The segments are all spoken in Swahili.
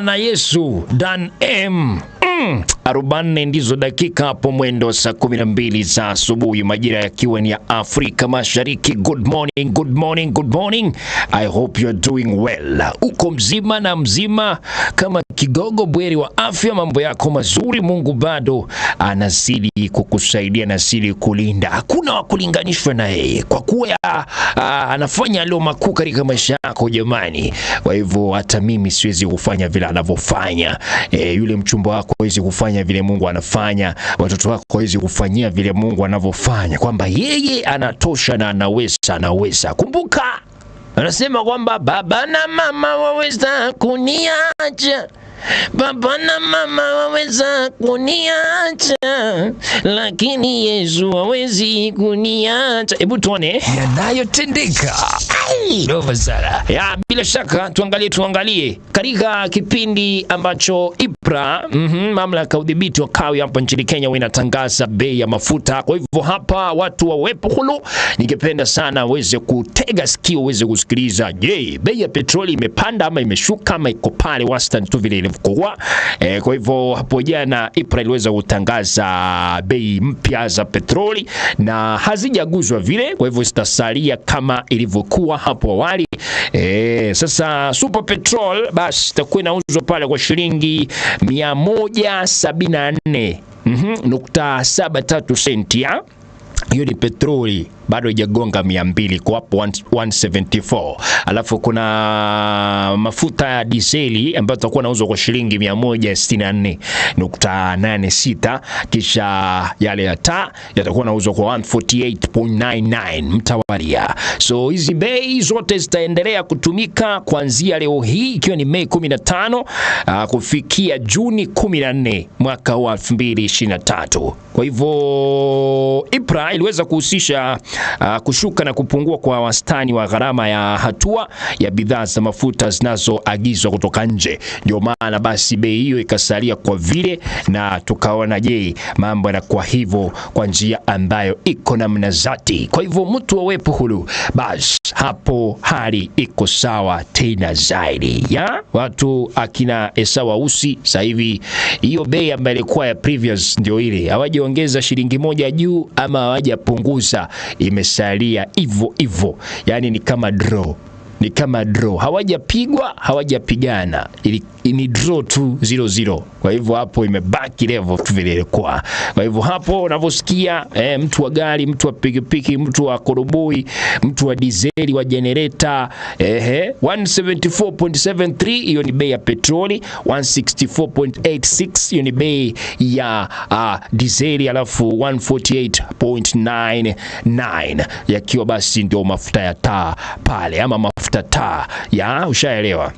Nana Yesu dan M mm, ndizo dakika hapo mwendo saa kuminambili za asubuhi majira yakiwa ni ya Afrika Mashariki. Good morning, good morning, good morning. I hope you're doing well. Uko mzima na mzima kama kigogo bweri wa afya, mambo yako mazuri, Mungu bado anazidi kukusaidia, anazidi kulinda, hakuna wa kulinganishwa na yeye kwa kuwa ah, anafanya alio makuu katika maisha yako jamani. Kwa hivyo hata mimi siwezi kufanya vile anavyofanya e, yule mchumba wako hawezi kufanya vile Mungu anafanya, watoto wako hawezi kufanyia vile Mungu anavyofanya, kwamba yeye anatosha na anaweza, anaweza. Kumbuka anasema kwamba baba na mama waweza kuniacha Baba na mama waweza kuniacha, lakini Yesu hawezi kuniacha. Hebu tuone yanayotendeka Ya, bila shaka tuangalie tuangalie katika kipindi ambacho IPRA mm -hmm, mamlaka ya udhibiti wa kawi hapa nchini Kenya inatangaza bei ya mafuta. Kwa hivyo hapa watu wawepo hulu, ningependa sana weze kutega sikio, weze kusikiliza. Je, bei ya petroli imepanda ama imeshuka ama iko pale wastani tu vile mkubwa e, kwa hivyo hapo jana IPRA iliweza kutangaza bei mpya za petroli na hazijaguzwa vile, kwa hivyo zitasalia kama ilivyokuwa hapo awali. E, sasa super petrol basi itakuwa inauzwa pale kwa shilingi 174 mm -hmm, nukta tatu senti ya hiyo ni petroli bado haijagonga 200 kwa hapo 174. Alafu kuna mafuta ya diseli ambayo tutakuwa nauzwa kwa shilingi 164.86, kisha yale ya taa yatakuwa nauzwa kwa 148.99 mtawalia. So hizi bei zote zitaendelea kutumika kuanzia leo hii ikiwa ni Mei 15 uh, ah, kufikia Juni 14 mwaka wa 2023. Kwa hivyo IPRA iliweza kuhusisha uh, kushuka na kupungua kwa wastani wa gharama ya hatua ya bidhaa za mafuta zinazoagizwa kutoka nje. Ndio maana basi bei hiyo ikasalia kwa vile, na tukaona je, mambo yanakuwa hivyo kwa njia ambayo iko namna zati. Kwa hivyo mtu awepo hulu, basi hapo hali iko sawa tena zaidi ya watu akina Esau Ausi. Sasa hivi hiyo bei ambayo ilikuwa ya previous ndio ile, hawajiongeza shilingi moja juu ama hajapunguza, imesalia hivyo hivyo, yani ni kama draw ni kama draw, hawajapigwa hawajapigana, ili ni draw tu 00. Kwa hivyo hapo imebaki level tu vile ilikuwa. Kwa hivyo hapo unavyosikia eh, mtu wa gari, mtu wa pikipiki, mtu wa koroboi, mtu wa dizeli, wa generator eh, 174.73 hiyo ni bei ya petroli, 164.86 hiyo ni bei ya uh, dizeli, alafu 148.99 yakiwa basi ndio mafuta ya taa pale ama mafuta kutafuta taa ya, ushaelewa.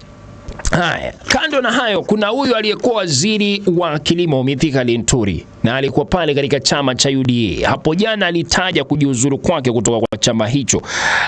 Haya, kando na hayo, kuna huyu aliyekuwa waziri wa kilimo Mithika Linturi na alikuwa pale katika chama cha UDA. Hapo jana alitaja kujiuzuru kwake kutoka kwa chama hicho,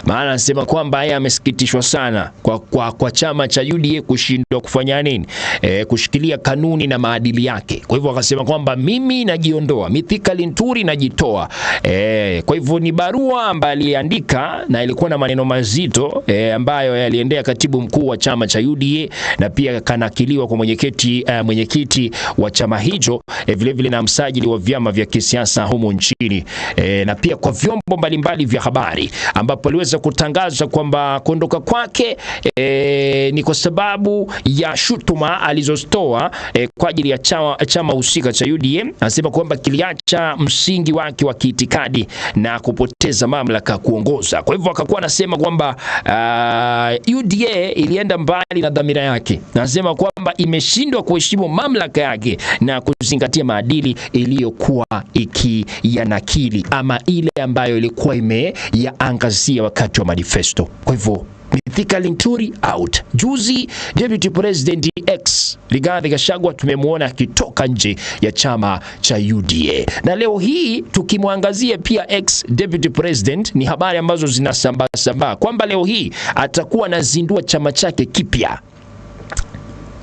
maana anasema kwamba yeye amesikitishwa sana kwa, kwa, kwa chama cha UDA kushindwa kufanya nini, e, kushikilia kanuni na maadili yake. Kwa hivyo akasema kwamba mimi najiondoa, Mithika Linturi najitoa. E, kwa hivyo ni barua ambayo aliandika na ilikuwa na maneno mazito e, ambayo yaliendea katibu mkuu wa chama cha UDA na pia kanakiliwa kwa mwenyekiti uh, mwenyekiti wa chama hicho e, vile vile na msa usajili wa vyama vya kisiasa humu nchini e, na pia kwa vyombo mbalimbali vya habari ambapo aliweza kutangaza kwamba kuondoka kwake e, ni kwa sababu ya shutuma alizotoa e, kwa ajili ya chama husika cha UDM. Anasema kwamba kiliacha msingi wake wa kiitikadi na kupoteza mamlaka kuongoza. Kwa hivyo akakuwa anasema kwamba uh, UDA ilienda mbali na dhamira yake, anasema kwamba imeshindwa kuheshimu mamlaka yake na kuzingatia maadili iliyokuwa ikiyanakili ama ile ambayo ilikuwa imeyaangazia wakati wa manifesto. Kwa hivyo Mithika Linturi out. Juzi Deputy President X Rigathi Gachagua tumemwona akitoka nje ya chama cha UDA, na leo hii tukimwangazia pia ex Deputy President, ni habari ambazo zinasambaa sambaa kwamba leo hii atakuwa anazindua chama chake kipya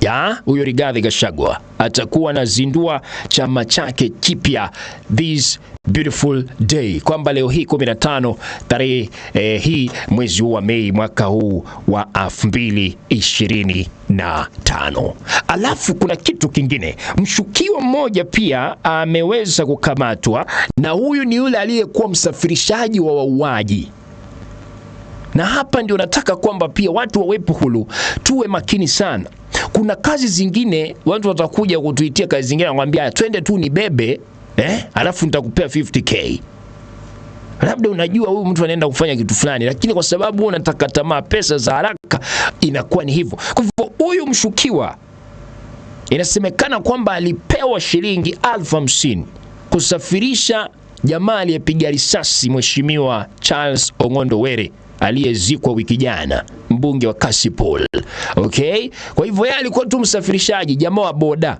ya huyo Rigathi Gachagua atakuwa anazindua chama chake kipya this beautiful day, kwamba leo hii 15 tarehe eh, hii mwezi huu wa Mei mwaka huu wa 2025. Alafu kuna kitu kingine, mshukiwa mmoja pia ameweza kukamatwa, na huyu ni yule aliyekuwa msafirishaji wa wauaji na hapa ndio nataka kwamba pia watu wawepo hulu, tuwe makini sana. Kuna kazi zingine watu watakuja kutuitia kazi zingine, nakwambia twende tu bebe eh, alafu nitakupea 50k. Labda unajua huyu mtu anaenda kufanya kitu fulani, lakini kwa sababu unataka tamaa, pesa za haraka, inakuwa ni hivyo. Kwa hivyo huyu mshukiwa inasemekana kwamba alipewa shilingi elfu hamsini kusafirisha jamaa aliyepiga risasi Mheshimiwa Charles Ong'ondo Were aliyezikwa wiki jana mbunge wa Kasipul. Okay, kwa hivyo yeye alikuwa tu msafirishaji, jamaa wa boda,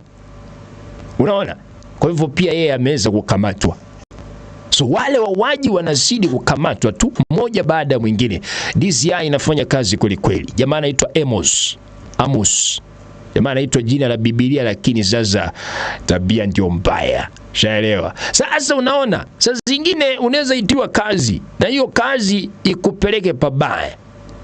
unaona. Kwa hivyo pia yeye ameweza kukamatwa. So wale wauaji wanazidi kukamatwa tu mmoja baada ya mwingine. DCI inafanya kazi kweli kweli. Jamaa anaitwa Amos Amos, jamaa anaitwa jina la Biblia, lakini sasa tabia ndio mbaya. Shaelewa. Sasa unaona, sasa zingine unaweza itiwa kazi na hiyo kazi ikupeleke pabaya.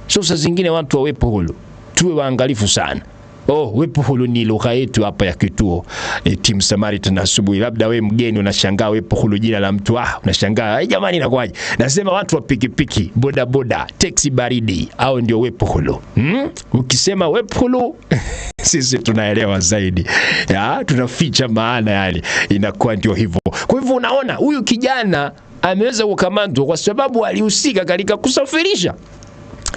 So saa zingine watu wa Wepo Hulu tuwe waangalifu sana. Oh, Wepo Hulu ni lugha yetu hapa ya kituo e, Team Samaritan asubuhi. Labda we mgeni unashangaa Wepo Hulu jina la mtu ah, unashangaa eh, jamani, inakuwaje? Nasema watu wa pikipiki, boda, teksi baridi, au ndio Wepo Hulu hmm? Ukisema Wepo Hulu sisi tunaelewa zaidi ya, tunaficha maana, yani inakuwa ndio hivyo. Kwa hivyo unaona huyu kijana ameweza kukamatwa kwa sababu alihusika katika kusafirisha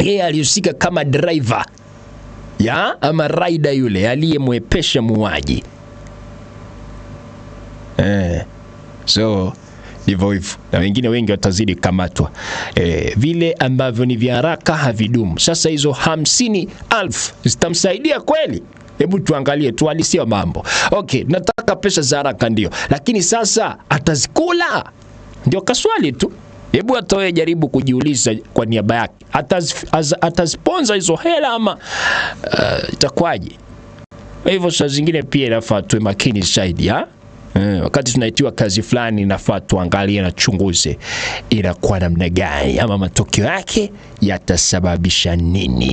yeye alihusika kama driver ya ama raida yule aliyemwepesha muuaji eh. So ndivyo hivyo, na wengine wengi watazidi kamatwa eh. Vile ambavyo ni vya haraka havidumu. Sasa hizo hamsini alfu zitamsaidia kweli? Hebu tuangalie tuhalisia mambo. Okay, nataka pesa za haraka ndio, lakini sasa atazikula? Ndio kaswali tu. Hebu atoe jaribu kujiuliza kwa niaba yake, ataziponza hizo hela ama itakwaje? Uh, hivyo saa zingine pia inafaa tuwe makini zaidi ya Hmm, eh, wakati tunaitiwa kazi fulani inafaa tuangalie na chunguze inakuwa namna gani, ama matokeo yake yatasababisha nini.